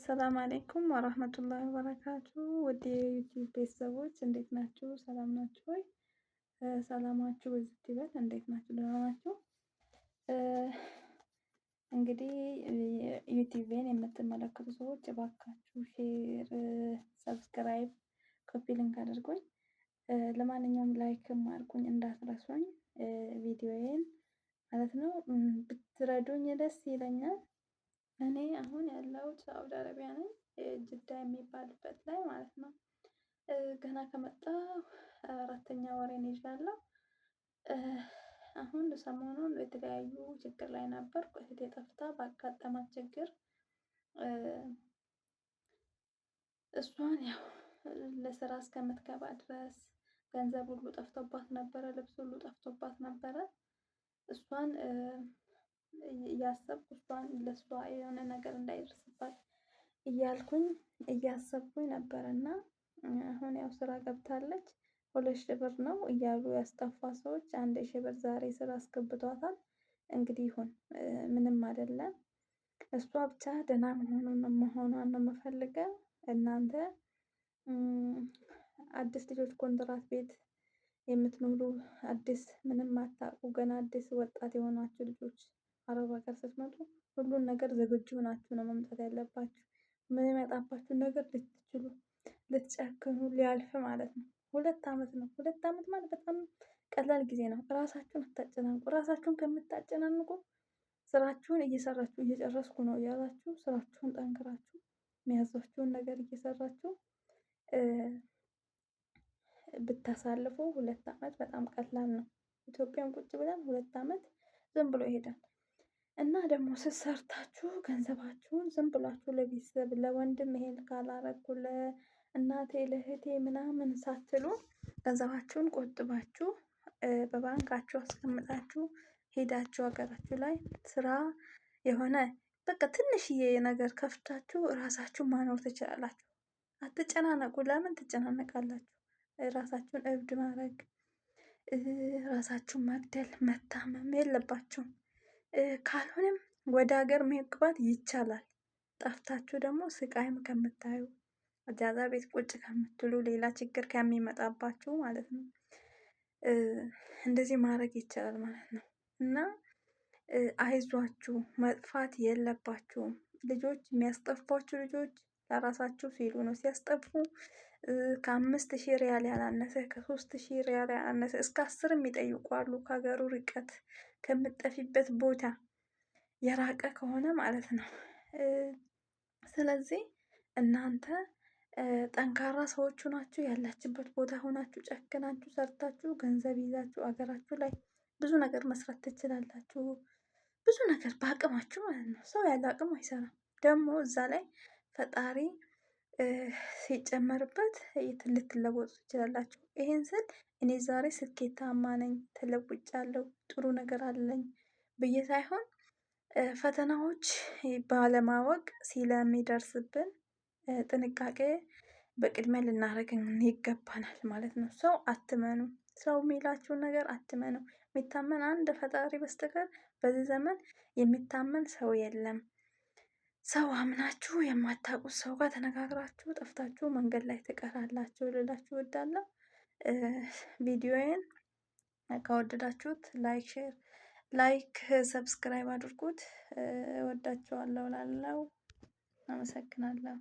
ሰላም አሌይኩም ወራህመቱላሂ ወበረካቱ ውድ የዩቲዩብ ቤተሰቦች እንዴት ናችሁ? ሰላም ናችሁ ወይ? ሰላማችሁ በዚህ ይበል። እንዴት ናችሁ? ደህና ናችሁ? እንግዲህ ዩቲዩብን የምትመለከቱ ሰዎች እባካችሁ ሼር፣ ሰብስክራይብ፣ ኮፒ ሊንክ አድርጉኝ። ለማንኛውም ላይክም አድርጉኝ እንዳትረሱኝ ቪዲዮዬን ማለት ነው። ብትረዱኝ ደስ ይለኛል። እኔ አሁን ያለሁት ሳውዲ አረቢያ ነኝ ጅዳ የሚባልበት ላይ ማለት ነው። ገና ከመጣሁ አራተኛ ወሬን ይዣለሁ። አሁን ሰሞኑን የተለያዩ ችግር ላይ ነበር እህቴ ጠፍታ ባጋጠማት ችግር እሷን ያው ለስራ እስከምትገባ ድረስ ገንዘብ ሁሉ ጠፍቶባት ነበረ፣ ልብስ ሁሉ ጠፍቶባት ነበረ እሷን እያሰብኩ እሷን ለእሷ የሆነ ነገር እንዳይደርስባት እያልኩኝ እያሰብኩኝ ነበር እና አሁን ያው ስራ ገብታለች። ሁለት ሺህ ብር ነው እያሉ ያስጠፋ ሰዎች አንድ ሺህ ብር ዛሬ ስራ አስገብቷታል። እንግዲህ ይሁን ምንም አይደለም። እሷ ብቻ ደህና መሆኑን መሆኗን ነው የምፈልገው። እናንተ አዲስ ልጆች ኮንትራት ቤት የምትኖሩ አዲስ ምንም አታውቁ ገና አዲስ ወጣት የሆናችሁ ልጆች አረብ ሀገር ስትመጡ ሁሉን ነገር ዝግጁ ሆናችሁ ነው መምጣት ያለባችሁ። የሚመጣባችሁን ነገር ልትችሉ ልትጨክኑ ሊያልፍ ማለት ነው። ሁለት ዓመት ነው። ሁለት አመት ማለት በጣም ቀላል ጊዜ ነው። ራሳችሁን አታጨናንቁ። ራሳችሁን ከምታጨናንቁ ስራችሁን እየሰራችሁ እየጨረስኩ ነው እያላችሁ ስራችሁን ጠንክራችሁ የሚያዟችሁን ነገር እየሰራችሁ ብታሳልፉ ሁለት አመት በጣም ቀላል ነው። ኢትዮጵያን ቁጭ ብለን ሁለት አመት ዝም ብሎ ይሄዳል። እና ደግሞ ስትሰርታችሁ ገንዘባችሁን ዝም ብላችሁ ለቤተሰብ ለወንድም ይሄን ካላረኩ ለእናቴ ለእህቴ ምናምን ሳትሉ ገንዘባችሁን ቆጥባችሁ በባንካችሁ አስቀምጣችሁ ሄዳችሁ ሀገራችሁ ላይ ስራ የሆነ በቃ ትንሽዬ ነገር ከፍታችሁ ራሳችሁ ማኖር ትችላላችሁ። አትጨናነቁ። ለምን ትጨናነቃላችሁ? ራሳችሁን እብድ ማድረግ ራሳችሁን መግደል መታመም የለባችሁም። ካልሆነም ወደ ሀገር መግባት ይቻላል። ጠፍታችሁ ደግሞ ስቃይም ከምታዩ አጃዛ ቤት ቁጭ ከምትሉ ሌላ ችግር ከሚመጣባችሁ ማለት ነው እንደዚህ ማድረግ ይቻላል ማለት ነው። እና አይዟችሁ፣ መጥፋት የለባችሁም። ልጆች የሚያስጠፏችሁ ልጆች ለራሳችሁ ሲሉ ነው። ሲያስጠፉ ከአምስት ሺህ ሪያል ያላነሰ ከሶስት ሺህ ሪያል ያላነሰ እስከ አስር ይጠይቋሉ ከሀገሩ ርቀት ከምጠፊበት ቦታ የራቀ ከሆነ ማለት ነው። ስለዚህ እናንተ ጠንካራ ሰዎቹ ናችሁ። ያላችበት ቦታ ሆናችሁ ጨክናችሁ ሰርታችሁ ገንዘብ ይዛችሁ አገራችሁ ላይ ብዙ ነገር መስራት ትችላላችሁ። ብዙ ነገር በአቅማችሁ ማለት ነው። ሰው ያለ አቅም አይሰራም። ደግሞ እዛ ላይ ፈጣሪ ሲጨመርበት ልትለወጡ ትችላላችሁ። ይህን ስል እኔ ዛሬ ስኬታማ ነኝ፣ ተለውጫለሁ፣ ጥሩ ነገር አለኝ ብዬ ሳይሆን ፈተናዎች ባለማወቅ ስለሚደርስብን ጥንቃቄ በቅድሚያ ልናደርግ ይገባናል ማለት ነው። ሰው አትመኑ፣ ሰው የሚላችሁን ነገር አትመኑ። የሚታመን አንድ ፈጣሪ በስተቀር በዚህ ዘመን የሚታመን ሰው የለም። ሰው አምናችሁ የማታውቁት ሰው ጋር ተነጋግራችሁ ጠፍታችሁ መንገድ ላይ ትቀራላችሁ ልላችሁ ወዳለሁ ቪዲዮዬን ከወደዳችሁት ላይክ ሼር፣ ላይክ ሰብስክራይብ አድርጉት። ወዳችኋለሁ ላለው አመሰግናለሁ።